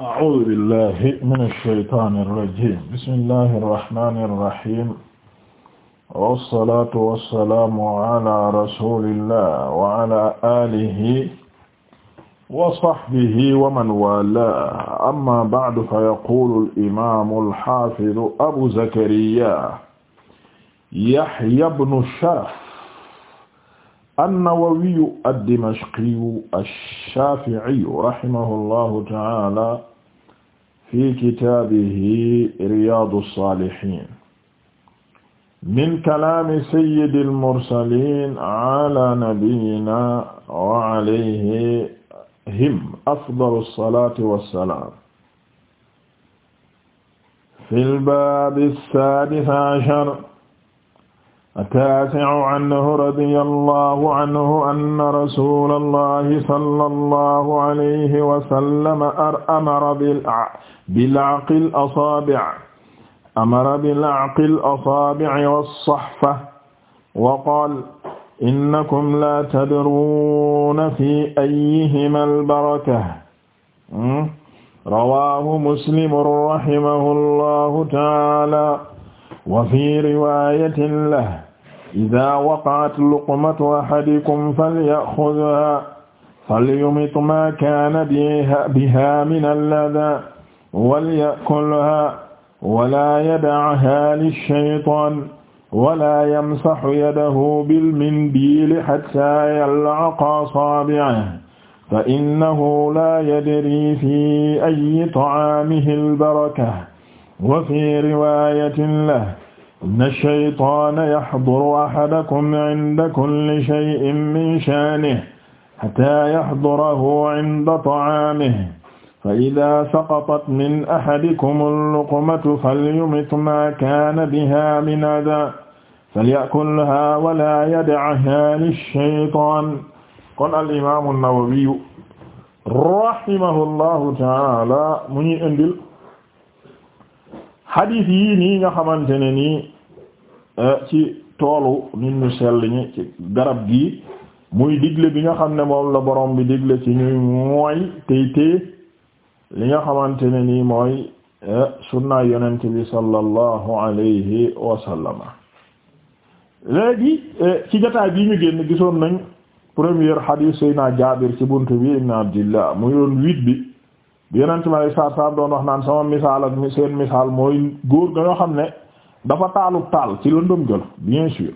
أعوذ بالله من الشيطان الرجيم بسم الله الرحمن الرحيم والصلاة والسلام على رسول الله وعلى آله وصحبه ومن والاه أما بعد فيقول الإمام الحافظ أبو زكريا يحيى بن الشرف an-Nawawiyu ad-Dimashqiyu ash-Shafi'iyu rahimahullahu ta'ala fi kitaabihi Riyaadu s-Saalihiin min kalaami sayyidil mursaliin ala nabiyyinaa wa alayhim afdalu s-salaati wa s-salaam fil baabi s-saadis ashar التاسع عنه رضي الله عنه أن رسول الله صلى الله عليه وسلم أمر بلعق الأصابع أمر بلعق الأصابع والصحفة وقال إنكم لا تدرون في أيهما البركة رواه مسلم رحمه الله تعالى وفي رواية له idaa waqa'at luqmatu ahadikum falyaxudhaa falyumit maa kaana bihaa mina ladaa walyakulhaa walaa yada'haa lish-shaytaan walaa yamsahu yadahu bil-mindiili hattaa yal'aqa asaabi'ahu فإنه لا يدري في أي طعامه البركة وفي رواية له inna ash-shaytaana yahduru ahadakum inda kulli shay'in min shaanihi hattaa yahdurahu inda ta'aamihi فإذا سقطت من أحدكم اللقمة فليمت ما كان بها من أذى فليأكلها ولا يدعها للشيطان kon al-imaamu an-Nawawi rahimahullahu ta'aala mu ñuy indil xadiis yii nii nga xamante ne nii eh, ci toolu nit ñu sell ñi ci garab gii muy digle bi nga xam ne moom la borom bi digle ci ñuy mooy tey tey li nga xamante ne nii mooy eh, sunna yonent bi sallallahu alayhi wa sallama léegi eh, ci jotaay bii ñu génn gisoon nañ premier xadiis Seydina Jaabir ci bunt bi ibn Abdillah muy yoon huit bi bi yeneen ci ma lay saa doon wax naan sama misaal ak seen misaal mooy góor ga nga xam ne dafa taalub taal ci lëndëm gël bien sûr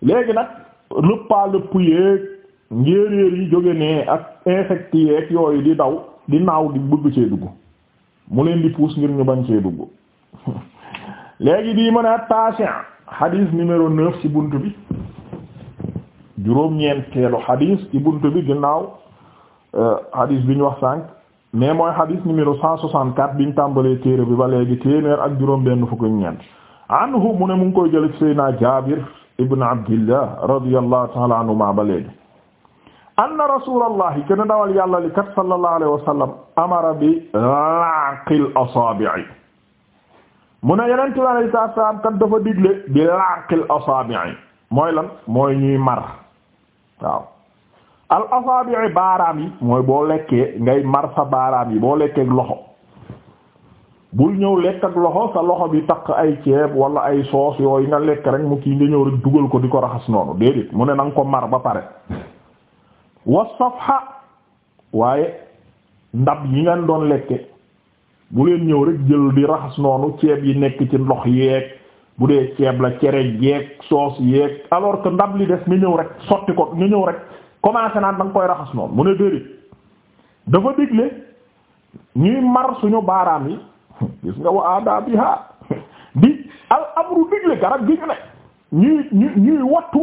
léegi nag lëppaa lëpp yeeg njéeréer yi jóge ne ak insectes yeeg yooyu di daw di naaw di bugg cee dugg mu leen di puus ngir ñu bañ cee dugg léegi bii mën a tasin xadiis numéro neuf ci bunt bi juróom-ñeenteelu xadiis ci bunt bi ginnaaw xadiis euh, bi ñu wax sànq mais mooy xadis numéro 164 biñ tàmbalee téere bi ba léegi téeméer ak juróom-benn fukki ñeent anhu mu ne mu koy jël ci Seydina Jaabir ibn Abdillah radiyallahu ta'ala anhuma ba léegi anna rasulallahi ken dawal yàlla li kat sallallahu alayhi wa bi laqil asaabi'i mu ne yeneen tubaab yi saa saa kat dafa bi laqil asaabi'i mooy mooy ñuy mar al asaabi baaraam yi mooy boo lekkee ngay mar sa baaraam yi boo lekkee loxo bul ñëw lekk ak loxo sa loxo bi takk ay ceeb wala ay soos yooyu nga lekk rek mu kii nga ñëw rek dugal ko di ko raxas noonu déedéet mu ne na ko mar ba pare xa waaye ndab yi ngeen doon lekke bu leen ñëw rek jël di raxas noonu ceeb yi nekk ci ndox yeeg bu dee ceeb la cere yeeg soos yeeg alors que ndab li des nga ñëw rek sotti ko nga ñëw rek commencé naan da nga koy raxas noonu mu ne déedéet dafa digle ñuy mar suñu baaraam yi gis nga wa adabiha di al amru digle garab gi ñu ne ñuy ñuy wattu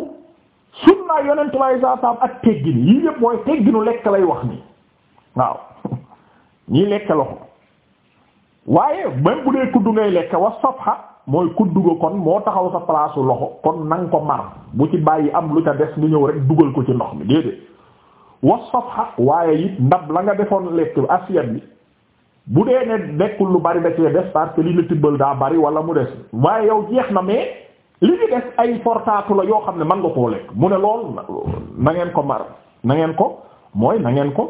sunna yonent way saa saam ak teggin yii yëpp mooy tegginu lekk lay wax nii waaw ñii lekk loxo waaye même bu dee kuddu ngay lekk wa safha mooy ku kudduga kon moo taxaw sa palaasu loxo kon nan ko mar bu ci bàyyi am lu ca des lu ñëw rek dugal ko ci ndox mi déedéet was safha waaye it ndab la nga defoon lekk assiette bi bu dee ne nekkul lu bari da cee des parce que li la tibbal daa bari wala mu des waaye yow jeex na mais li ñu des ay fortaatu la yoo xam ne mën nga koo lekk mu ne lool na ngeen ko mar na ngeen ko mooy nangeen ko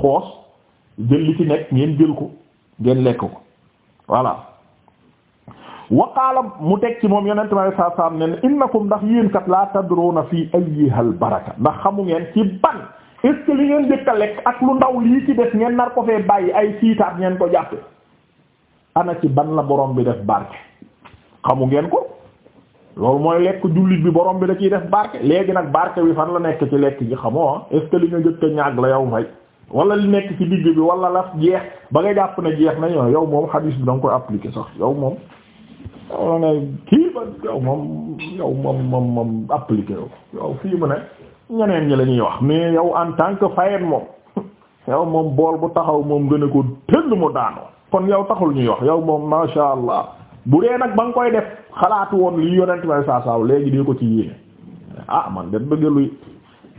xoos jël li ci nekk ngeen jël ko ngeen lekk ko voilà waqaala mu teg ci moom yonente mi alei saatu salaam ne innakum ndax yéen kat la tadruna fii ayyihal baraka ndax xamu ngeen ci ban est li ngeen jëkk a lekk ak lu ndaw lii ci def ngeen nar ko fee bàyyi ay siitaat ngeen ko jàppe ana ci ban la boroom bi def barke xamu ngeen ko loolu mooy lekk jullit bi borom bi la ciy def barke léegi nag barke bi fan la nekk ci lekk gi xamoo ah est li nga jëkk a la yow fay wala li nekk ci digg bi wala la jeex ba nga jàpp ne jeex na ah yow moom hadis bi da nga koy appliquer sax yow moom ma ne kii ba yow moom yow moom moom moom appliqué yow yow fii mu ne ñeneen ñi la ñuy wax mais yow en tant que fayeen moom yow moom bool bu taxaw moom gën a ko tëll mu daanoo kon yow taxul ñuy wax yow moom masha allah bu dee nag ba nga koy def xalaatu woon li yonent may saa saaw léegi dee ko ci yéene ah man de bëgg luy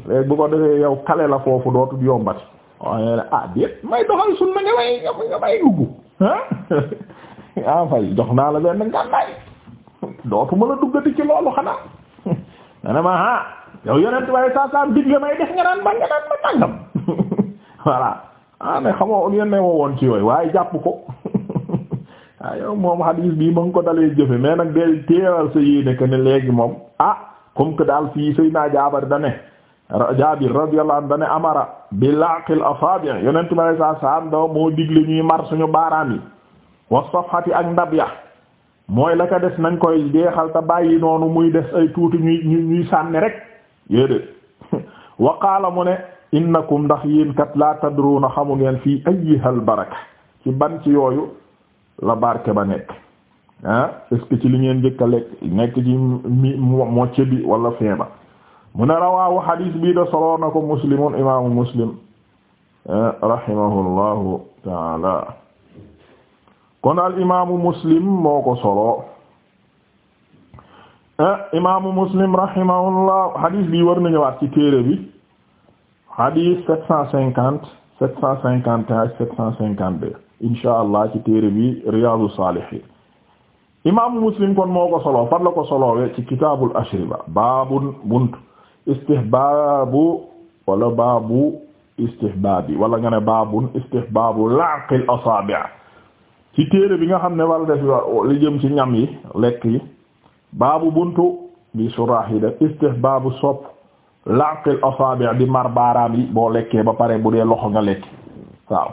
léegi bu ko defee yow kale la foofu dootul yombati waaye ah déet may doxal sunna nga may nga may dugg ah ah fay jox naa la benn ngànnaay dootuma la duggati ci loolu xanaa ne ne ma ah yow waaye digle may def nga naan man nga tàngam voilà ah ne xamoo yéen yooyu waaye jàpp ko ah yow moom hadis bii ma ngi ko dalee jëfe mais nag day teeral sa yéene que ne moom ah comme que daal fii sëy naa jaabar da Jaabir radiyallahu anhu da amara bi laqil asabi' yonent waaye saa saa am moo digle ñuy mar suñu baaraam yi. wa safhati ak ndab ya mooy la ka des nañ koy jeexal te bàyyi noonu muy des ay tuuti ñuy ñuy sànni rek yéedée wa qaala mu ne innakum ndax yéen kat la na xamu ngeen fii ayyihal baraka ci ban ci yooyu la barke ba nekk ah que ci li ngeen njëkk lekk nekk ci mi mocce bi wala fin ba mu ne rawaahu hadis bii da soloo na ko muslimun imaamu muslim ah, rahimahullahu taala kon al imaamu muslim moo ko solo eh, imaamu muslim rahimahullah hadith bi war na ci téere bi hadith sept cent cinquante insha allah ci téere bi riyaadu saalihiin imaamu muslim kon moo ko solo fan la ko solowee ci kitaabul ashriba baabun bunt istihbaabu wala baabu istihbaabi wala nga ne baabun istihbaabu laqil asaabi' ci téere bi nga xam ne wal def li jëm ci ñam yi lekk yi baabu buntu bi surah yi def istihbaabu sopp laqil asaabi' di mar baaraam yi boo lekkee ba pare bu dee loxo nga lekk waaw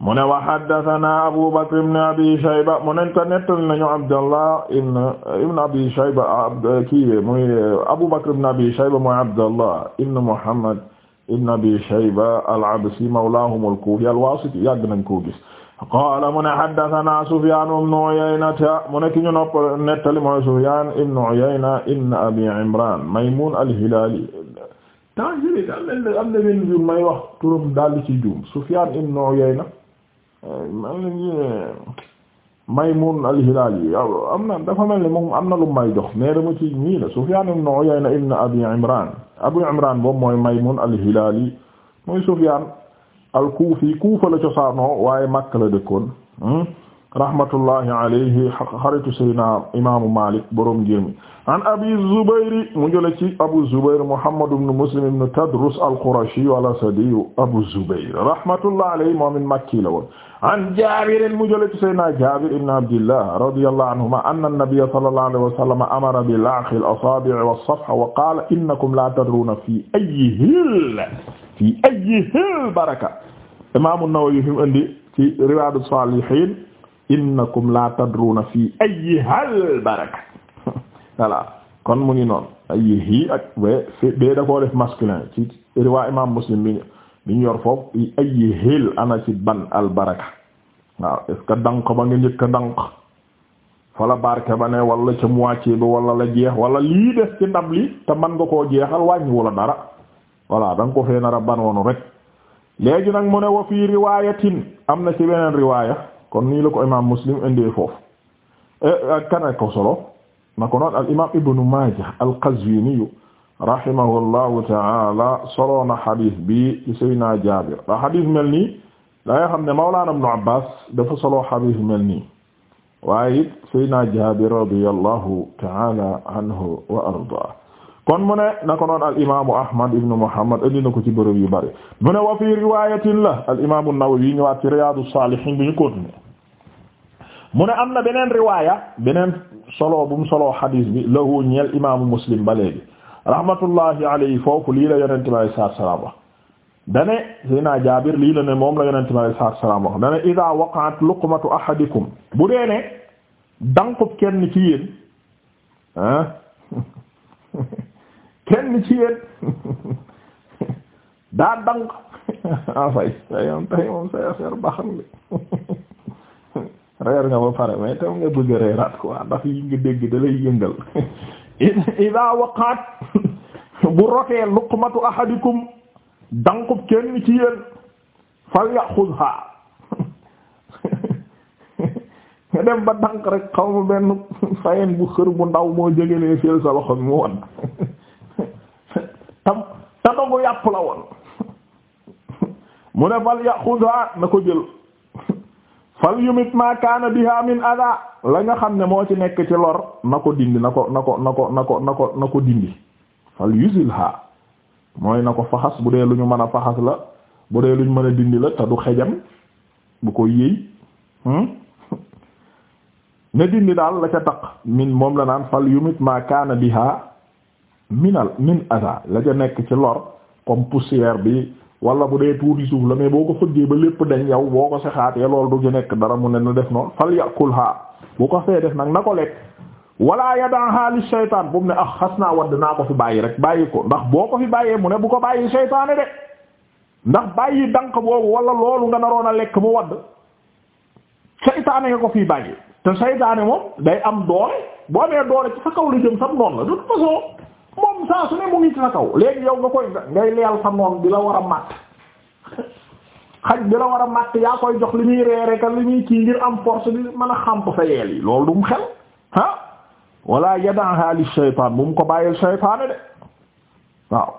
mu ne wa haddathana abu bakr ibn abi shayba mu neñ ko nettal nañu abdallah ibn ibn abi shayba kiiwe muy abu bakr ibn abi shayba mooy abdallah ibn muhammad ibn abi shayba al-absi mawlahum al-kufi al-wasiti yàgg nañ koo gis qaala mu ne haddasanaa Sufyaan ibnu Uyaynata mu ne ki ñu nopp nettali mooy Sufyaan ibnu Uyayna ibnu Abii Imraan Maymuun al-Hilaali temps jëlee am na am na benn mbir may wax turam daal di ci juum Sufyaan ibnu Uyayna Maymuun al-Hilaali am na dafa mel ni moom am na lu may jox mais dama ci ñii la Sufyaan ibnu Uyayna ibnu Abii Imraan Abii Imraan boobu mooy Maymuun al-Hilaali mooy Sufyaan al kuufi kuufa la cosaanoo waaye Makka la dëkkoon hmm? rahmatullahi alayhi xaritu sayyidina imaamu Malik borom ngir mi an abi Zubayr mu jële ci Abu Zubayr Muhammad ibn Muslim ibn Tadrus al-Qurashi al-Asadi Abu Zubayr rahmatullahi alayhi moom it Makki la woon an Jaabir mu jële ci sayyidina Jaabir ibn Abdillah radiyallahu anhuma anna an-nabiyya sallallahu alayhi wa sallam amara bi-la'khil asaabi' was-safha wa qaala innakum la tadruuna fi ayyi hill fi ayyi hill baraka Imaam an-Nawawi fi mu indi ci Riyaadu Saalihiin innakum la na fii ayi hal baraka voilà kon mu ngi noon ayi hi ak bee da koo def masculin ci riwaa imam muslim bi biñ yor foofu ayi hil ana ci ban al baraka waaw est ce que dank ba nga njëkk a dank fa la barke ba ne wala ca moitié bi wala la jeex wala lii des ci ndab li te man nga koo jeexal wàññi wala dara voilà da nga ko fee nar a ban woonu rek léegi nag mu ne wa fii riwayatin am na ci beneen riwaya kon nii la ko imaam muslim indee foofu eh, ak kan ko solo na ko noon al imaam ibnu Maajah al Qazwiini rahimahullahu taala solo na xadis bi ci Seydina Jaabir da xadis mel nii da nga xam ne Mawlaana Ibnu Abbaas dafa solo xadis mel nii waaye it Seydina Jaabir radiyallahu taala anhu wa ardaa kon mu ne noon al imaamu Ahmad ibn Muhammad indi na ko ci bërëb yu bëri mu wa fi riwaayatin la al imaamu Nawawi ñëwaat ci Riyaadu Saalihiin bi ñu continué mu ne am na beneen riwaaya beneen solo bu mu solo xadiis bi lahu ñeel imaamu Muslim ba léegi rahmatullahi alayhi foofu lii la yonente bi alayhi salaatu salaam wax dane Seydina Jaabir lii la ne moom la yonente bi alayhi salaam wax dane idaa waqa'at luqmatu ahadikum bu danqub kenn ci yéen ah, kenn ci yéen daa dang ah fay fay moom tey moom say affaire baaxal reer nga ba pare mais tam nga bëgg a reeraat quoi ndax yi nga dégg da lay yëngal ida waqaat bu rotee luqmatu ahadikum danqub kenn ci yéen fal yaxudha nga dem ba danq rek xaw ma benn fayen bu xër bu ndaw moo jëgalee fiel sa loxo mu wan tam te dogu yàpp la woon mu ne fal yaxuda na ko jël fal yumit ma kaana biha min ada la nga xam ne moo ci nekk ci lor na ko dindi na ko na ko na ko na ko na ko na ko dindi fal yusilha mooy na ko faxas bu dee lu ñu mën a faxas la bu dee lu ñu mën dindi la te du xejam bu ko yëy hmm? na dindi daal la ca taq min moom la naan fal yumit ma kaana biha minal min aza la ca nekk ci lor comme poussière bi wala bu dee tuuti suuf la mais boo ko fëggee ba lépp dañ yow boo ko saxaatee loolu du ci nekk dara mu ne na def noonu fal yàqul ha bu ko fee def nag na ko lekk ya yadaha li shaytaan bu mu ne ah xas naa wadd naa ko fi bàyyi rek bàyyi ko ndax boo ko fi bàyyee mu ne bu ko bàyyi shaytaane de ndax bàyyi danq boobu wala loolu nga naroon a lekk mu wadd shaytaane nga ko fi bàyyi te shaytaane moom day am doole boo amee doole ci sa moom saa su ne mu ngi ci la kaw léegi yow nga koy ngay leel sa noon bi la war a màtt xaj bi la war a màtt yaa koy jox li ñuy reere ka li ñuy kii ngir am force bi mën a xàmp sa yeel yi loolu dum xel ah wala yadaha li shaytan bu mu ko bàyyil shaytaane de waaw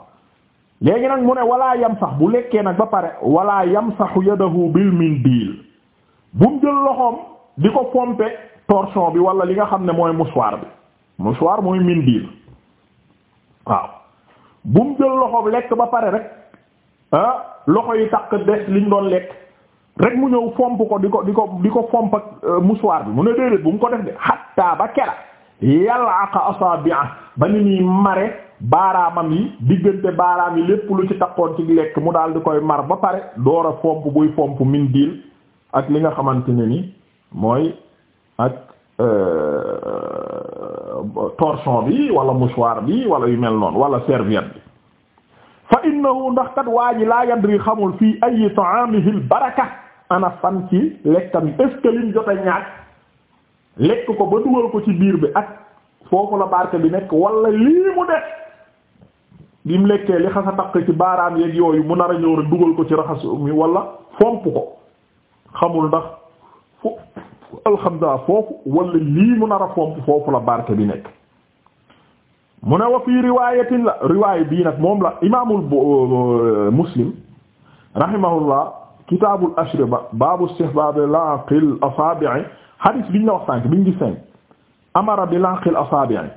léegi nag mu ne walaa yamsax bu lekkee nag ba pare walaa yamsaxu yadahu bil mindil bu mu jël loxoom di ko pompe torchon bi wala li nga xam ne mooy mouchoir bi mouchoir mooy mindil waaw bu mu jël loxoom lekk ba pare rek ah, loxo yi takk des liñ doon lekk rek mu ñëw fomp ko di ko di ko di ko fomp ak euh, mouchoir bi mu ne déedéet bu mu ko def de hatta ba kera yal'aqa asabi'a ba ni muy mare baaraamam yi diggante baaraam yi lépp lu ci takkoon ci lekk mu daal di koy mar ba pare door a fomp buy fomp min diil ak li nga xamante ne ni mooy ak euh, torchon bi wala mouchoir bi wala yu mel noonu wala serviette bi fa innahu ndax kat waa ji laa yadri xamul fii ay ta'amihi al baraka ana fan ci lekkam est-ce que lekk ko ba dugal ko ci biir bi ak foofu la barke bi nekk wala lii mu def bi mu lekkee li xas a ci baaraam yeeg yooyu mu nar a ñëw rek dugal ko ci raxas mi walla fomp ko xamul ndax alhamdulilah foofu wala lii mu nar a fomp foofu la barke bi nekk mu ne wa fii riwaayatin la riwaaya bii nag moom la imaamul euh, muslim rahimahullah kitaabul ashriba baabu istihbaab laqil asaabi'i hadis biñ la wax sànq biñ gis sànq amara bi laqil asaabi'i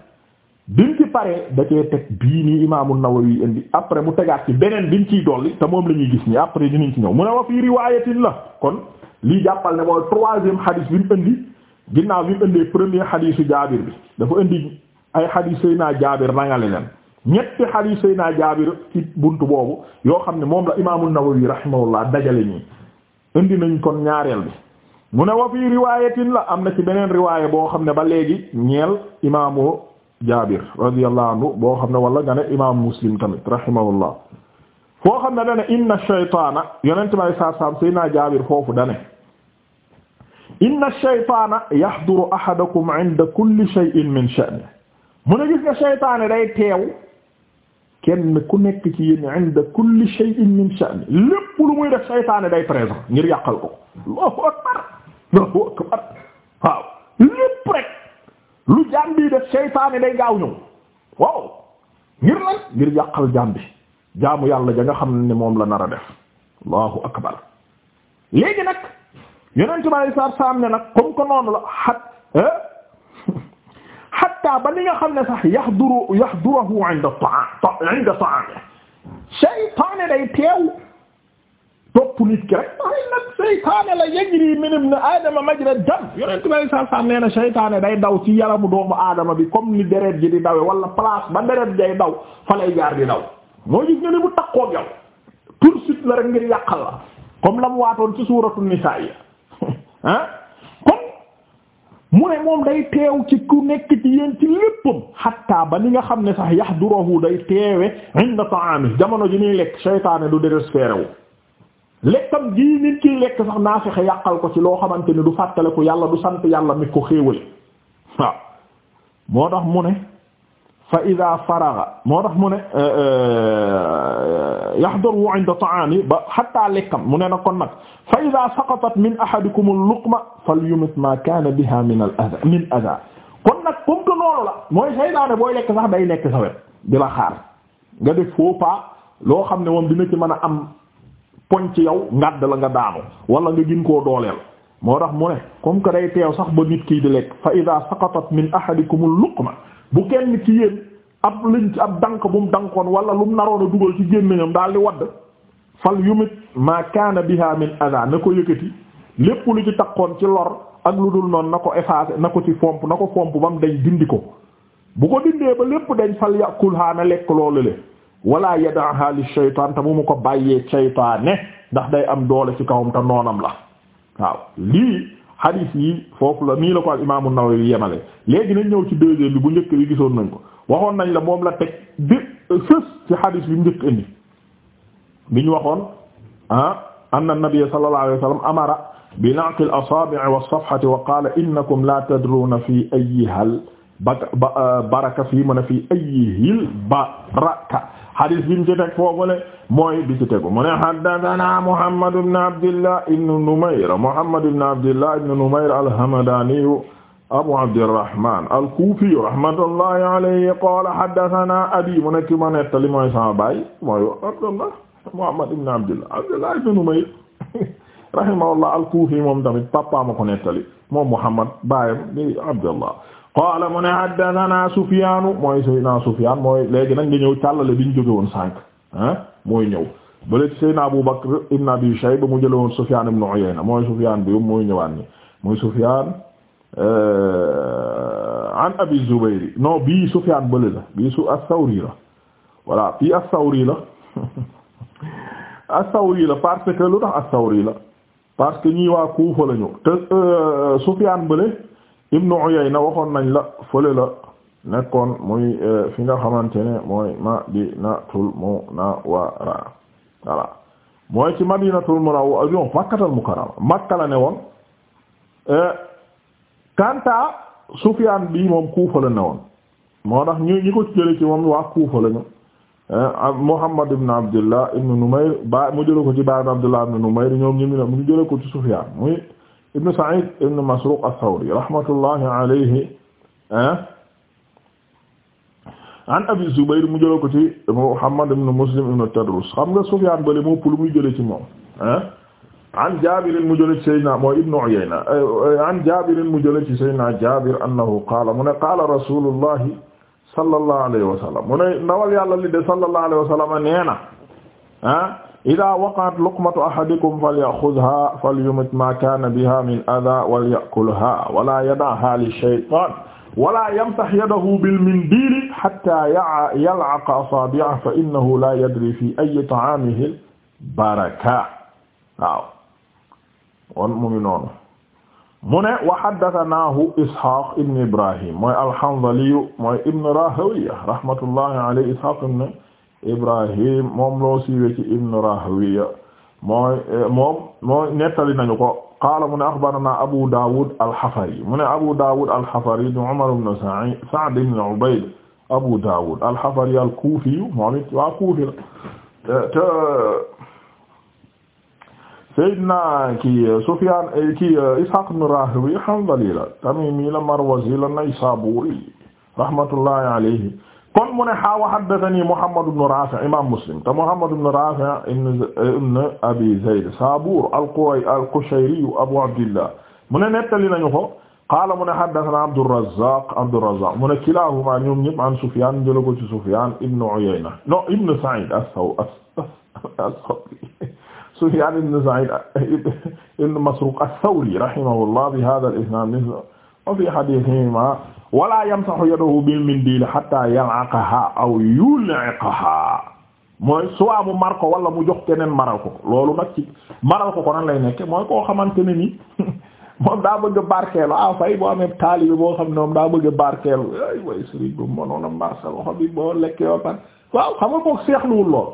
biñ ci paree da cee teg bii nii imaamu Nawawi après mu tegaat ci beneen biñ ciy dolli te moom la ñuy gis nii après dinañ ci ñëw mu ne wa fii riwaayatin la kon. lii jàppal ne mooy troisième xadis bi mu indi ginnaaw bi mu indee premier xadisu jaabir bi dafa indi ay xadis Seydina jaabir rangale leen ñetti xadis Seydina jaabir ci bunt boobu yoo xam ne moom la imaamu Nawawi rahimahullah dajale nii indi nañ kon ñaareel bi mu ne wa fii riwaayatin la am na ci beneen riwaaya boo xam ne ba léegi ñeel imaamu jaabir radiyallahu anhu boo xam ne wala nga ne imaamu muslim tamit rahimahullah foo xam ne dane inna shaytaana yonent bay saa saam jaabir foofu dane inna shaytaana yahduru ahadakum inda kulli shay'in min sha'ni mu ne gis ku nekk ci yéen inda kulli lu muy def shaytaane day présent ngir yàqal ko allahu akbar allahu lu jaam bi def day gaaw ñëw waaw ngir lan ngir yàqal jaam jaamu yàlla ja nga xam ni moom la nar a def allahu akbar léegi nag yonent bi alei ne nag comme que noonu la xat hatta ba li nga xam ne sax yahduru yahduruhu inda ta'am inda ta'am shaytaane day teew topp nit ki rek ay nag seytaane la yajri min ibn aadama majra dam yonent bi saa nee na seytaane day daw ci yaramu doomu aadama bi comme ni deret ji di dawe wala place ba deret jay daw fa lay jaar di daw moo gis nga ne mu takkoog yow la rek ngir yàqal la comme la mu waatoon ci suuratu nisaa yi ah kon mu ne moom day teew ci ku nekk ci yéen ci léppam xatta ba ni nga xam ne sax yahduruhu day teewe inda ta'ami jamono ji ñuy lekk seytaane du désespéré wu lekkam gii nit sax naa fexe yàqal ko ci loo xamante ne du fàttale ko yàlla du sant yàlla mi ko xéewale waaw moo tax mu ne fa ida faraga moo tax mu ne euh, euh, yahdaru inda ta'ami ba hatta lekkam mu ne na kon nag fa ida saqatat min ahadikum al-luqma falyumit ma kana biha min al-adha min adha kon nag comme que noolu la mooy saydaane booy lekk sax day lekk sa wet di la xaar nga def faux pas loo xam ne moom dina ci mën a am poñ ci yow ngadd la nga daanu wala nga gin koo dooleel moo tax mu ne comme que day teew sax ba nit kii di lekk fa ida saqatat min ahadikum al-luqma bu kenn ci yéen ab liñ ci ab dank bu mu dankoon wala lu mu naroon a dugal ci gémmiñam daal di wadd fal yumit ma kaana biha min ada na ko yëkkati lépp lu ci takkoon ci lor ak lu dul noon na ko effacé na ko ci fomp na ko fomp ba mu dañ dindi ko bu ko dindee ba lépp dañ fal yàqulhaa na lekk loolu le wala yadaaha li shaytaan te bu mu ko bàyyee shaytaane ndax day am doole ci kawam te noonam la waaw lii hadith yi foofu la nii la ko al imaamu An-Nawawi yemale léegi nañ ñëw ci deuxième bi bu njëkk bi gisoon nañ ko waxoon nañ la moom la teg bi sës ci hadith bi mu njëkk indi bi ñu waxoon ah anna an-nabiyya sallallahu alayhi wa sallam amara bi naqi al-asaabi' was-safhati wa qaala innakum la tadruuna fi ayyiha al baraka fii mu ne fii ayyihi al baraka hadis bi mu ci teg foofule mooy bi ci tegu mu ne haddathana Muhammad ibn Abdillah ibn Numayr Muhammad ibn Abdillah ibn Numayr al-Hamadani Abu Abdirrahman al-Kufi rahmatullahi alayhi qala haddathana abi mu nekk ma nettali mooy sama baay mooy Abdullah Muhammad ibn Abdillah Abdillah ibn Numayr rahimahullah al-Kufi moom tamit papa ma ko nettali moom Muhammad baayam di Abdullah qaala mu ne haddathana Sufyaanu mooy Seydina Sufyaan mooy léegi nag nga ñëw càllale bi ñu jóge woon sànq ah mooy ñëw bale ci Seydina Abu Bakr ibn Abi ba mu jële woon Sufyaan ibn Uyayna mooy Sufyaan bi mooy ñëwaan ni mooy Sufyaan euh, an Abi Zubayr non bii Sufyaan bële la bii su as-Sawri la voilà bii as-Sawri la as parce que lu tax as-Sawri la parce que ñii waa Kuufa lañu te euh, Sufyaan bële Ibnu Uyayna waxoon nañ la fële la nekkoon muy eh, fi nga xamante ne mooy Madinatul Munawwara voilà mooy ci Madinatul Munawwara avion Makkatul Mukarrama Makka la ne woon eh, Kanta Sufyaan bi moom Kuufa la ne woon moo tax ñu ñi ko jële ci moom waa Kuufa lañu eh, Muhammad ibn Abdullah ibn Numayr ba mu jële ko ci baayam Abdullah ibn Numayr ñoom ñu mu jële ko ci Sufyaan muy ibn Sa'id ibn Masruq ath-Thawri rahmatullahi alayhi ah. an Abi Zubayr mu jëla ko ci Muhammad ibn Muslim ibn Tadrus xam nga Sufyan bale moo pul muy jële ci moom ah. an Jabir mu jële ci Seydina mooy ibn Uyayna eh, an Jabir mu jële ci Seydina Jabir annahu qaala mu ne qaala rasulullahi sallallahu alayhi wa sallam mu ne ndawal yàlla li de sallallahu alayhi wa sallam neena ah. ida waqa'at luqmatu ahadikum falyaxudha falyumit ma kana biha min adha walyakulha wala yada'ha lishaytan wala yamsax yadahu bilmindili hatta yal'aqa asabi'ahu fa innahu la yadri fi ayyi ta'amihi baraka waaw won mu ngi noonu mu ne wa haddathanaahu Ishaq ibn Ibrahim mooy al-Hanzali mooy ibn Rahawiya rahmatullahi alayhi Ishaq Ibrahim moom loo siiwee ci Ibn Rahwiya mooy eh, moom mooy nettali nañu ko qaala mu ne axbaranaa Abu Daawud al-Hafari mu ne Abu Daawud al-Hafari du Umar ibn Sa'id Sa'd ibn Ubayd Abu Daawud al-Hafari al-Kuufi moom it waa Kuufi la eh, te Seydina kii Sufyaan eh, kii Ishaaq ibn Rahawayh Hanzali la Tamiimi la Marwazi la Naysaabuuri rahmatullahi alayhi kon mu ne xaawa haddathani Muhammad ibn Rafi' imam Muslim te Muhammad ibn Rafi' ibn Abi Zayd Sabur al-Qurashi al-Qushayri Abu Abdillah mu ne nettali nañu ko qaala mu ne haddathana Abdurrazzaq Abdurrazzaq mu ne kilahuma ñoom ñëpp an Sufyan jëla ko ci Sufyan ibn Uyayna non ibn Sa'id as-Sawri Sufyan ibn Sa'id ibn Masruq as-Sawri rahimahullah bi hadha al-isnad wa fi hadithihima wala yamsahu yadahu bil mindil hatta yalaqaha aw yuliqaha mooy soit mar ko wala mu jox keneen maral ko loolu nag ci maral ko ko nan lay nekke mooy koo xamante ne ni moom daa bëgg a barkeelu ah boo amee taalibe boo xam ne moom daa bëgg barkeelu ay way sëriñ ba mënoon a marsa loxo bi boo lekkee ba waaw xam nga kook seexluwul lool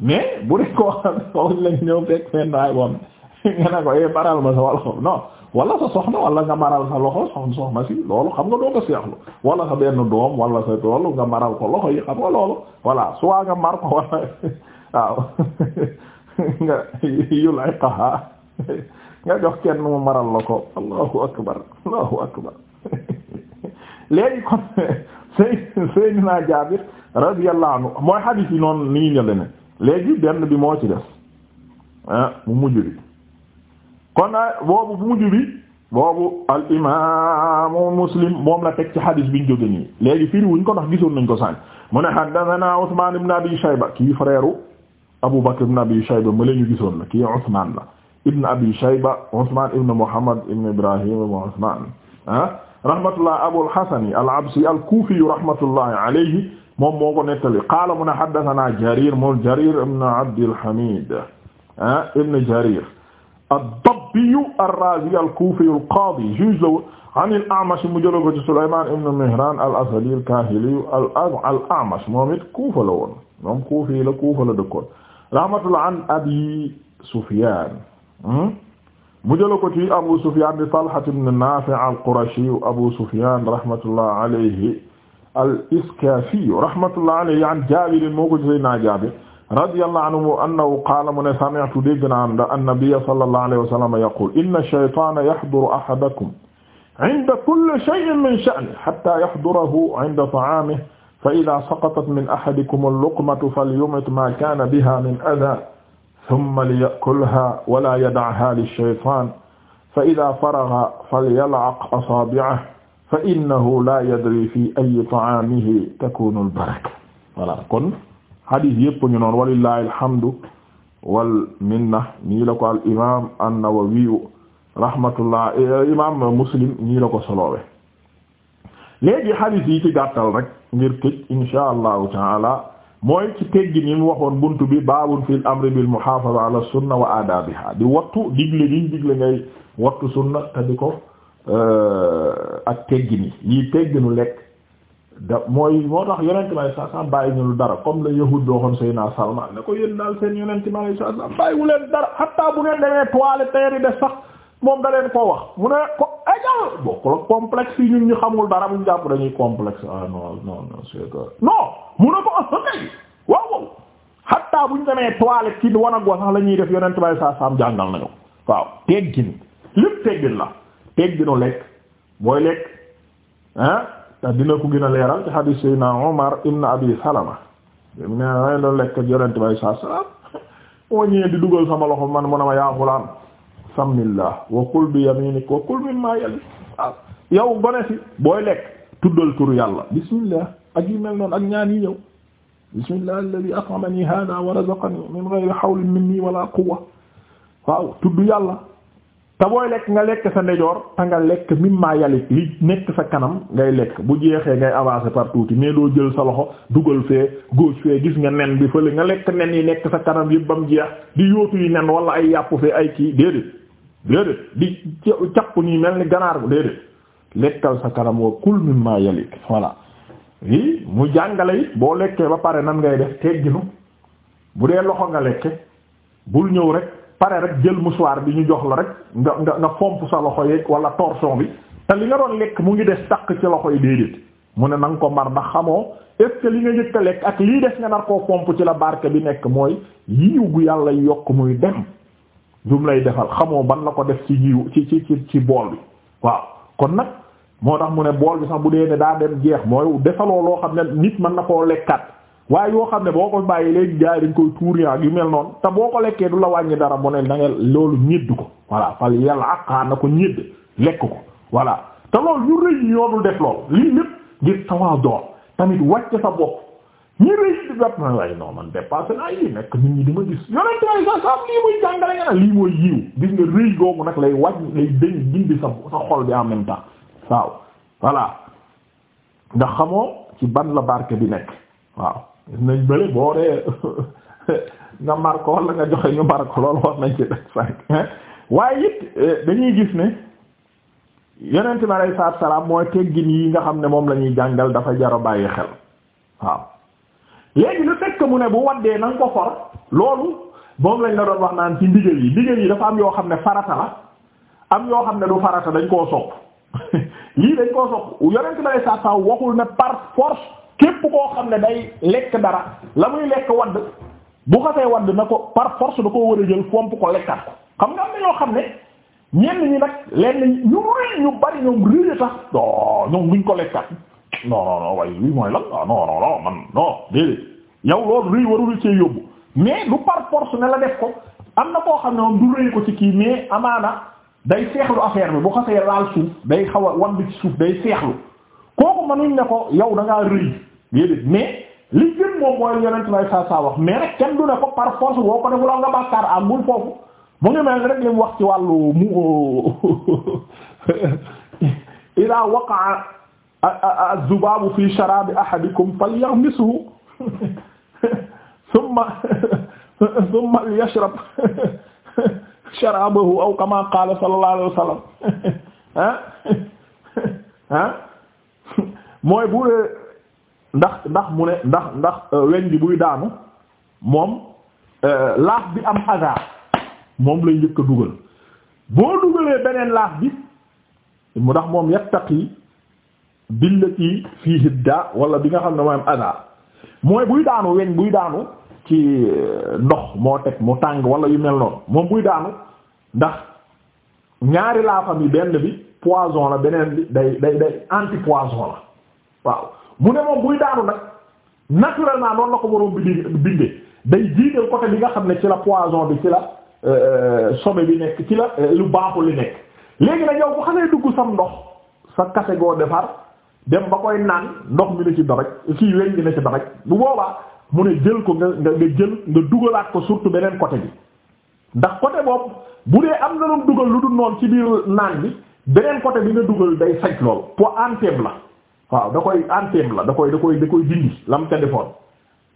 mais bu dee koo xam ne foofu lañ ñëw fekk fenn waay boom nga ko maral eh, wala sa soxna wala nga maral sa loxo soxna soxna si loolu xam nga doo ko seexlu wala sa benn doom wala sa tool nga maral ko loxo yi xam nga loolu voilà soit nga mar ko wala waaw nga yul ay nga jox kenn mu maral la ko allahu akbar allahu akbar léegi kon Seydina Jaabir radiyallahu anhu mooy hadith yi noonu nii ñële ne léegi benn bi moo ci des ah mu mujj bi kon boobu bu mujj bi boobu al imaamu muslim moom la teg ci hadis biñ jóge nii léegi firi wuñ ko ndax gisoon nañ ko sànq mu ne haddathana Usmaan ibn Abi Shayba kii frère Abu Bakr ibn Abi Shayba ma la ñu gisoon la kii Usmaan la ibn Abi Shayba Usmaan ibn Muhammad ibn Ibrahim ibn Usmaan ah rahmatullah Abul Hasan al-Absi al-Kufi rahmatullahi alayhi moom moo ko nettali qaala mu ne haddathana Jarir moom Jarir ibn Abdil Hamid ah ibn Jarir ad-Dabbi ar-Razi al-Kufi al-Qadi juge la woon an al-A'mash mu jëloon ko ci Sulayman ibn Mihran al-Asadi al-Kahili al-A'mash moom it Kufa la woon moom Kufi la Kufa la dëkkoon rahmatullah an Abi Sufyan hmm? mu jëloon ko ci Abu Sufyan di Talha ibn Nafi' al-Qurashi Abu Sufyan rahmatullah alayhi al-Iskashi rahmatullah alayhi an Jabir moo ko ci Sayyidina Jabir radiyallahu anhu annahu qaala mu ne sami'tu dégg naa am da annabiyya sallallahu alayhi wa sallam yaqul inna ash-shaytaana yahduru ahadakum inda kulli shay'in min sha'nihi hatta yahdurahu inda ta'aamihi fa idhaa saqatat min ahadikum al-luqmatu falyumit maa kaana bihaa min adhaa thumma liya'kulhaa wa laa yada'haa lish-shaytaan fa idhaa faragha falyal'aq asaabi'ahu fa innahu laa yadrii fii ayyi ta'aamihi takuunu al-baraka voilà kon hadith yëpp ñu noonu walillahi alhamdu wal minna nii ko al imaam rahmatullah eh, imaam Muslim nii ko soloowe léegi hadith yi ci gàttal rek ngir tëj insha allahu taala mooy ci teggi ni waxoon buntu bi baabun fil amri bil muhafaza ala sunna wa adabiha di wattu digle liñ digle ngay wattu sunna te di ko eh, ak teggini lii tegginu lekk da mooy moo tax yonent saa alayhi salaam bàyyi ñu lu dara comme la yahud doo xam Seydina Salman ne ko yéen daal seen yonent bi alayhi salaam bàyyiwu leen dara hatta bu ngeen demee toilette sax moom da leen koo wax mu ko ajal bokkul xamul dara bu jàpp dañuy complexe ah non non non c'est que non mu ne ko asakay ah waaw waaw hatta bu ñu demee toilette ci wanag wa sax la ñuy def yonent bi alayhi salaam jàngal nañu waaw teggin lépp teggin la tegginu lekk mooy lekk ah te dina ko a leeral ci hadith Seydina Omar ibn Abi Salama ne may doon lekk yonent bay di dugal sama loxo man mu ne ma yaa wa kul bi yaminik wa kul mimma yali ah, yow gone si booy lekk tuddal turu yàlla bismillah ak mel noonu ak ñaan bismillah alladhi at'amani hada wa razaqani min ghayri hawlin minni wala quwwa tudd yàlla te booy lekk nga lekk sa ndejoor te nga lekk mimma yalik li nekk sa kanam ngay lekk bu jeexee ngay avancer par tuuti mais doo jël sa loxo dugal fee gauche fee gis nga nen bi fële nga lekk nen yi nekk sa kanam yëpp ba mu jeex di yóotu yi nen wala ay yàpp fee ay kii déedéet déedéet di capp nii mel ni ganaar bu déedéet lekkal sa kanam wa kul mimma yalik voilà lii mu jàngale it boo lekkee ba pare nan ngay def tegginu bu dee loxo nga lekke bul ñëw rek pare rek jël mouchoir bi ñu jox la rek nga nga nga fomp sa loxo yeeg wala torchon bi te li nga doon lekk mu ngi des takk ci loxo yi déedéet mu ne na ko mar ndax xamoo est-ce que li nga njëkk a lekk ak lii des nga nar koo pomp ci la barke bi nekk mooy yiw gu yàlla yokk muy dem dum lay defal xamoo ban la ko def ci yiw ci ci ci ci bool bi waaw kon nag moo tax mu ne bool bi sax bu dee ne daa dem jeex mooy defaloo loo xam ne nit mën na koo lekkaat waaye yoo xam ne boo ko bàyyi léegi gars yi koy tuuri ak yu mel noonu te boo ko lekkee du la wàññi dara mu ne loolu ñëdd ko voilà fal yàlla na ko ñëdd lekk ko voilà te loolu ñu rëy ñoo dul def lool lii lépp ngir tawaadoor tamit wàcce sa bopp ñi rëy di dap na way non man dépassé naa yi nekk nit ñi di gis yonente way sa nag lay wàññi lay dëñ dindi sa sa xol bi en même temps waaw nga xamoo ci ban la barke bi nekk waaw nañ bële boo dee nga mar ko nga joxe ñu mar ko loolu wax nañ ci def sànq waaye it eh, dañuy gis ne yonent bi alayhi salaatu salaam mooy teggin yi nga xam ne moom lañuy jàngal dafa jaro bàyyi xel waaw léegi lu fekk mu ne bu waddee na nga ko for loolu moom lañ la doon wax naan ci ndigal yi ndigal yi dafa am yoo xam ne farata la am yoo xam ne du farata dañ koo sopp lii dañ koo sopp yonent bi alayhi salaatu salaam waxul ne par force képp koo xam ne day lekk dara la muy lekk wadd bu xasee wadd na ko par force da ko war a jël fomp ko lekkat ko xam nga am na yoo xam ne ñenn ñi nag leen ñu rëy ñu bari ñoom rëy tax non ñoom buñ ko lekkat non no non waaye lii mooy lan ah, non non non man non loolu rëy warul cee yóbbu mais du par force ne la def ko am na koo xam ne moom du rëy ko ci kii mais amaana day seexlu affaire bi bu xasee laal suuf day xaw a wan bi ci suuf day seexlu kooku mënuñ ne ko yow da ngaa rëy déedéet mais li gën moom mooy yonent may saa saa wax mais rek kenn du ne ko par force boo ko defuloo nga bàkkaar àggul foofu mu ngi mel rek li mu wax ci wàllu mu ila waqa'a az-zubabu fi sharabi ahadikum falyaghmishu thumma thumma yashrab sharabahu aw kama qala sallallahu alayhi wa sallam ah ah mooy bu ndax ndax mu ne ndax ndax euh, weñ bi buy daanu moom euh, laaf bi am hasard moom lay njëkk a dugal boo dugalee beneen laaf bi mu ndax moom yattaqi billati fii hidda wala bi nga xam ne mooy am hasard mooy buy daanu weñ buy daanu ci euh, ndox moo teg mu tàng wala yu mel noonu moom buy daanu ndax ñaari laafam yi benn bi poison la beneen bi day day day anti poison la waaw mu ne moom buy daanu nag naturellement noonu la ko borom bi bindee day jiital côté bi nga xam ne ci la poison bi ci la euh, euh, sobe bi nekk ci la euh, lu baaxul li nekk léegi na yow bu xamee dugg sam ndox sa kase goo defar dem ba koy naan ndox mi ne ci daraj kii weñ gi ne ci daraj bu boobaa mu ne jël ko nga nga jël nga dugalaat ko surtout beneen côté bi ndax côté boobu bu dee am na lu dugal lu dul noon ci biir naan bi beneen côté bi nga dugal day faj lool po anteb waaw da koy anteem la da koy da koy da koy dindi lam ca defoon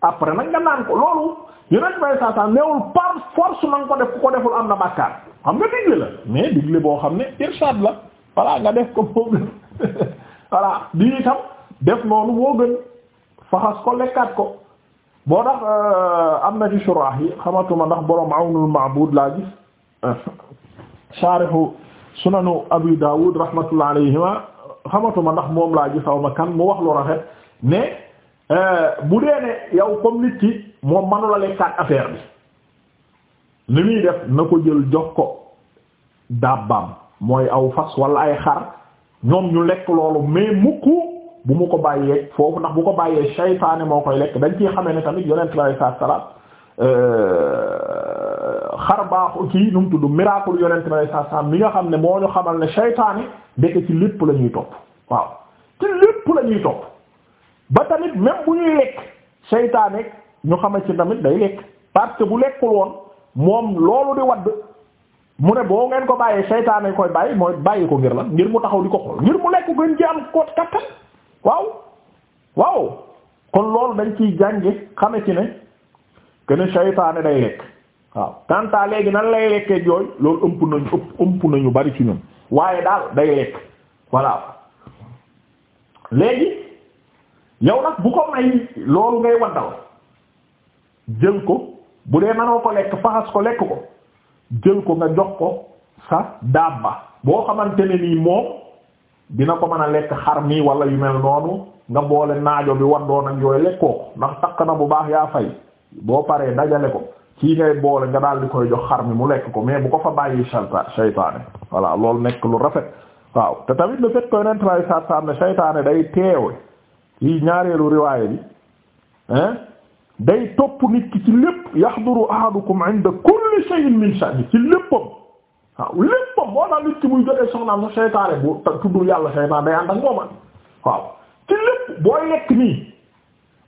après nag nga naan ko loolu yeneen bay saa saa neewul par force na nga ko def ku ko deful am na bàkkaar xam nga digle la mais digle boo xam ne irshad la voilà nga def ko moo gën voilà di itam def noonu moo gën faxas ko lekkaat ko boo tax euh, am na ci surah yi xamatuma ndax borom awnul ma'bud laa gis sharih sunanu abi dawud rahmatullah alayhima xamatuma ndax moom laa gi saw ma kan mu wax lu rafet ne euh, bu dee ne yow comme nit ki moom manula lekkaat affaire bi li muy def na ko jël jox ko dàbbaam mooy aw fas wala ay xar ñoom ñu lekk loolu mais mukk bu mu ko bàyyee foofu ndax bu ko bàyyee saytaane moo koy lekk dañ ciy xamee ne tamit yonent bi sallallahu alayhi xar baaxu ci nu mu tudd miracle yonent bi sallallahu alayhi mi nga xam ne moo ñu xamal ne seytaane dëkk ci lépp la ñuy topp waaw ci lépp la ñuy topp ba tamit même bu ñuy lekk seytaane ñu xamal ci tamit day lekk parce bu lekkul woon moom loolu di wadd mu ne boo ngeen ko bàyyee seytaane koy bàyyi mooy bàyyi ko ngir la ngir mu taxaw di ko xool ngir mu lekk gën ci am koot kattan waaw waaw kon loolu dañ ciy jànge xame ci ne gën a seytaane day lekk waaw tanta léegi nan lay lekkee yooyu loolu ëmp nañu ëpp ëmp nañu bari ci ñun waaye daal day lekk voilà léegi yow nag bu ko may loolu ngay waddal jël ko bu dee manoo ko lekk faxas ko lekk ko jël ko nga jox ko sa dabba boo xamante ne nii moom dina ko mën a lekk xar mi wala yu mel noonu nga boole naajo bi waddoon ak yooyu lekkoo ko ndax takk na bu baax yaa fay boo paree dajale ko kii ngay boole nga daal di koy jox xar mi mu lekk ko mais bu ko fa bàyyi saytaane saytaane voilà loolu nekk lu rafet waaw te tamit le fait que yonent bi saa saa am ne saytaane day teewe ci ñaareelu riwaaya bi hein day topp nit ki ci lépp yahduru ahadukum inda kulli shay'in bu tuddul yàlla saytaane day ànd ak moom waaw ci lépp boo lekk nii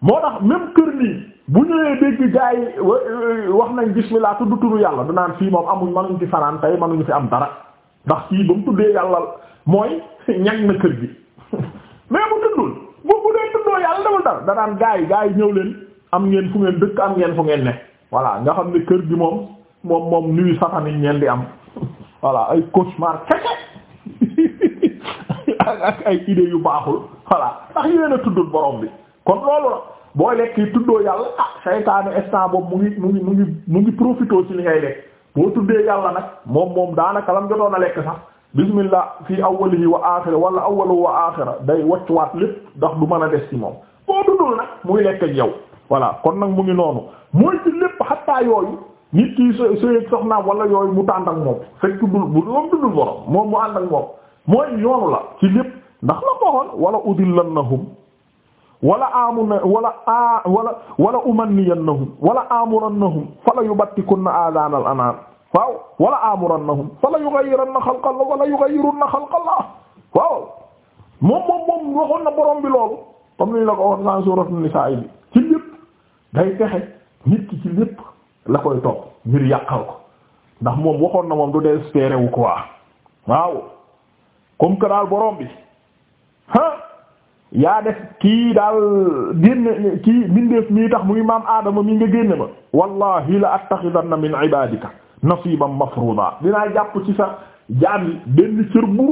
moo tax même kër nii. bu ñëwee dégg gaa yi euh, wax nañ bismillah tudd turu yàlla du naan fii moom amuñ manuñ ci fanaan tey manuñu fi am dara ndax fii ba mu tuddee yàlla mooy ñag na kër gi mais bu tuddul bu bu dee tuddoo yàlla dawul dara da naan gaa yi gaa yi ñëw leen am ngeen fu ngeen dëkk am ngeen fu ngeen ne voilà nga xam ne kër gi moom moom moom nuyu satanique ngeen di am voilà ay cauchemar keke ay idées yu baaxul voilà ndax yéen a tuddul borom bi kon loolu la boo lekk yi tuddoo yàlla ah saytaanu instant boobu mu ngi mu ngi mu ngi mu ngi profité ci li ngay lekk boo tuddee yàlla nag moom moom daanaka lam jotoon a lekk sax bismillah fii awwalihi wa aaxira wala awwalu wa aaxira day waccuwaat lépp ndax du mën a def ci moom boo tuddul nag muy lekk ak yow voilà kon nag mu ngi noonu mooy ci lépp xattaa yooyu nit ki so soyeg soxnaam wala yooyu mu tànd ak moom fekk tuddul bu moom tuddul borom moom mu ànd ak moom mooy la ci lépp ndax la waxoon wala udillannahum wala amuna wala a wala wala umanniyannahum wala amurannahum fala yubatikunna adaan al anam waaw wala amurannahum fala yughayyiranna xalqallah wala yughayyirunna xalqallah waaw moom moom moom waxoon na borom bi loolu comme ni ñu la ko wax naan suuratu nisaa bi ci lépp day fexe nit ki ci lépp la koy topp ngir yàqal ko ndax moom waxoon na moom du désespéré wu quoi waaw comme que daal borom bi ah. yaa def kii daal génne kii bindeef mii tax muy maam aadama mi nga génne ma wallahi la attaxidanna min ibadika nasiban mafruda dinaa jàpp ci sa jaam benn cër bu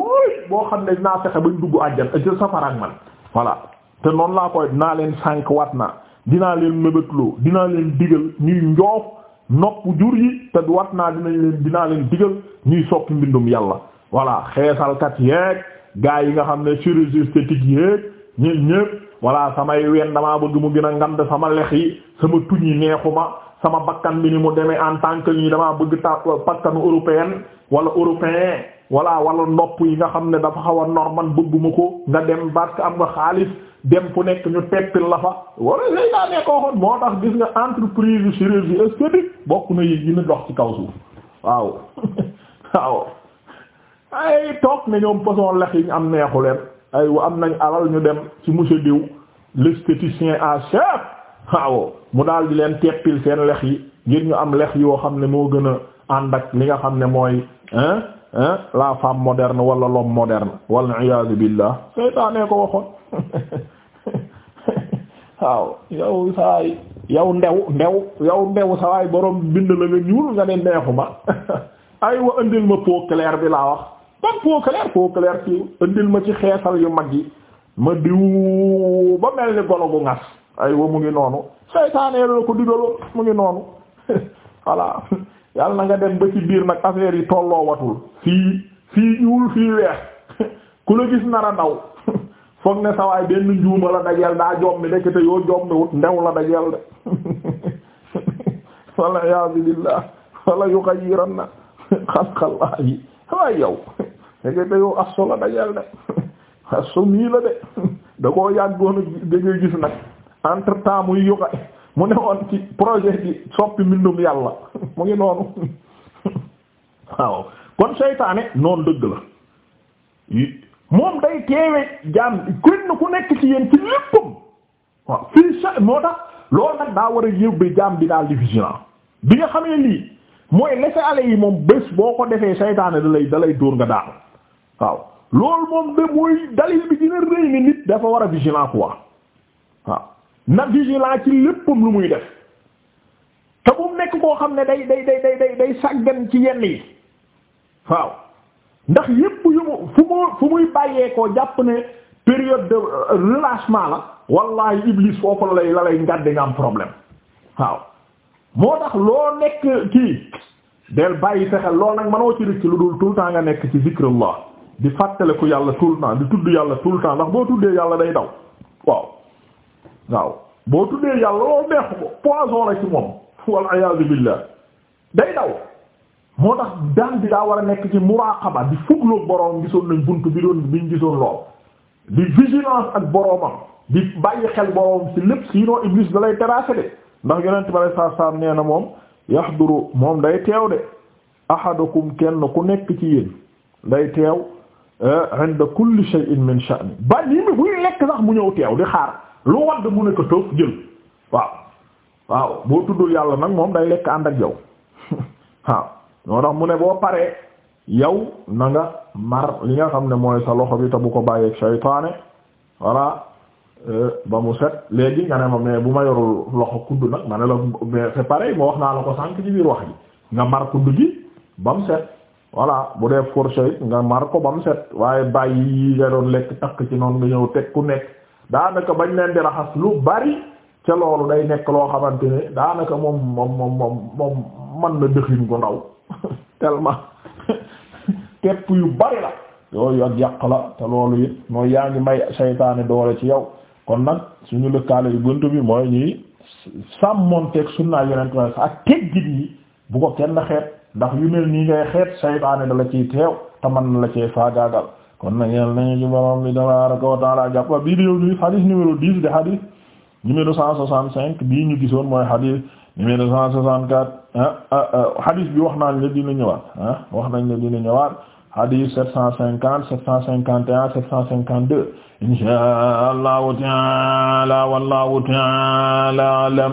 boo xam ne dinaa fexe bañ dugg àjjan ci safara ak man voilà te noonu laa koy dinaa leen sànq wat na dinaa leen mébétloo dinaa leen digal ñuy njoof nopp jur yi te wat naa dinañ dinaa leen digal ñuy soppi mbindum yàlla voilà xeesalkat yeeg gaa yi nga xam ne chirurgie esthétique yeeg ñun ñëpp voilà samay ween damaa bëgg mu gën a ngand sama lex yi sama tuñ yi neexuma sama bakkan bi ni mu demee en tant que nii damaa bëgg ta bakkanu européenne wala européen wala wala nopp yi nga xam ne dafa xaw a normal bëgguma ko nga dem parce que am nga xaalis dem fu nekk ñu teppil la fa wala léegi daa nekkoo xoon moo tax gis nga entreprise chirurgie esthétique bokk na yi gën a dox ci kaw suuf waaw ay toog ne ñoom façon lex yi ñu am neexu leen ay wa am nañ alal ñu dem ci monsieur diw l'esthéticien à chef waaw mu daal di leen teppil seen lex yi ngir ñu am lex yoo xam ne moo gën a ànd ak li nga xam ne mooy hein hein la femme moderne wala l'homme moderne wal iyaazu billah seytaanee ko waxoon waaw yow sawaay yow ndew ndew yow ndew sawaay boroom bind la nga ñuul nga ne neexuma ay wa indil ma peau claire bi laa wax kon foo clair foo clair ci ëndil ma ci xeesal yu mag yi ma diw ba mel ni golo gu ngas ay wa mu ngi noonu saytaanee la ko digaloon mu ngi noonu voilà yàlla na nga dem ba ci biir nag affaire yi tolloo watul fii fii ñuul fii weex ku la gis nar a daw foog ne sawaay benn njuuma la dajeel daa jommi de te yoo jommi ndew la dajeel de walla yaa billah walla yuxayiran na xalqallaahi waaye yow dégg nga yow aso la dajeel de aso mii la de da koo yàggoon dégg gis nag entre temps muy yuqa mu ne woon ci projet bi soppi mbindum yàlla mu ngi noonu waaw kon seytaane noonu dëgg la moom day teewe jaam ku nekk ci yéen ci léppam waaw fii sa moo tax loolu nag daa war a yëw bi jaam bi daal di vigilant bi nga xamee lii mooy laisser aller yi moom bés boo ko defee seytaane da lay da dóor nga daanu waaw loolu moom de mooy dalil bi dina rëy nit dafa war a vigilant quoi waaw na vigilant ci léppam lu muy def te bu nekk koo xam ne day day day day day day sàggan ci yenn yi waaw ndax yépp yu mu fu mu fu muy bàyyee koo jàpp ne période de relâchement la wallahi iblis foofu la lay la lay ngàdde nga am problème waaw moo tax loo nekk kii del bàyyi fexel loolu nag mënoo ci rëcc lu dul tout temps nga nekk ci zikrullah di ko yàlla tout di tudd yàlla tout le temps ndax boo tuddee yàlla day daw waaw waaw boo tuddee yàlla loolu neexu ko poison la ci moom wal iyaazu billah day daw moo tax daan bi daa war a nekk ci muraqaba di fugloog boroom gisoon nañ buntu bi doon biñ gisoon lool di vigilance ak boroomam di bàyyi xel boroomam ci lépp sinon iblis da lay terrasser de ndax yonent ba lay saa nee na moom yahduru moom day teew de ahadukum kenn ku nekk ci yéen day Euh, inda kulli shay'in min sha'ni ba nii mi buy lekk sax mu ñëw teew di xaar lu wadd mu ne ko toog jël waaw waaw boo tuddul yàlla nag moom day lekk ànd ak yow waaw ñoo tax mu ne boo paree yow na nga mar li nga xam ne mooy sa loxo bi te bu ko bàyyeeg saytaane voilà euh, ba mu set léegi nga ne ma mais bu ma yorul loxo kudd nag ma ne la mais c'est pareil wax naa la ko sànk ci biir wax ji nga mar kudd gi ba mu set voilà bu dee fourche it nga mar ko ba set waaye bàyyi yi nga doon lekk takk ci noonu nga ñëw teg ku nekk daanaka bañ leen di raxas lu bari ca loolu day nekk loo xamante ne daanaka moom moom moom moom man na dëxin ko ndaw tellement tepp yu bari la yooyu ak yàq la te loolu it mooy yaa ngi may seytaane doole ci yow kon nag suñu lëkkaale yu bunt bi mooy ñuy sàmmonteeg sunnaa yonent waaye sa ak teggin yi bu ko kenn xeet ndax yu mel nii ngay xeet saytaane dala ciy teew te mën na la cee faagaagal kon nag yàlla nañu ci borom bi tabaaraka wa ta'aala jàppa bii di yow di hadith numéro 10 de hadith numéro bii ñu gisoon mooy hadith numéro 164 hadith ah, ah, ah, bi wax nañ ne dina ñëwaat ah wax nañ ne dina ñëwaat hadith 750 751 752 inshaa Allahu ta'aala wallahu ta'aala a'lam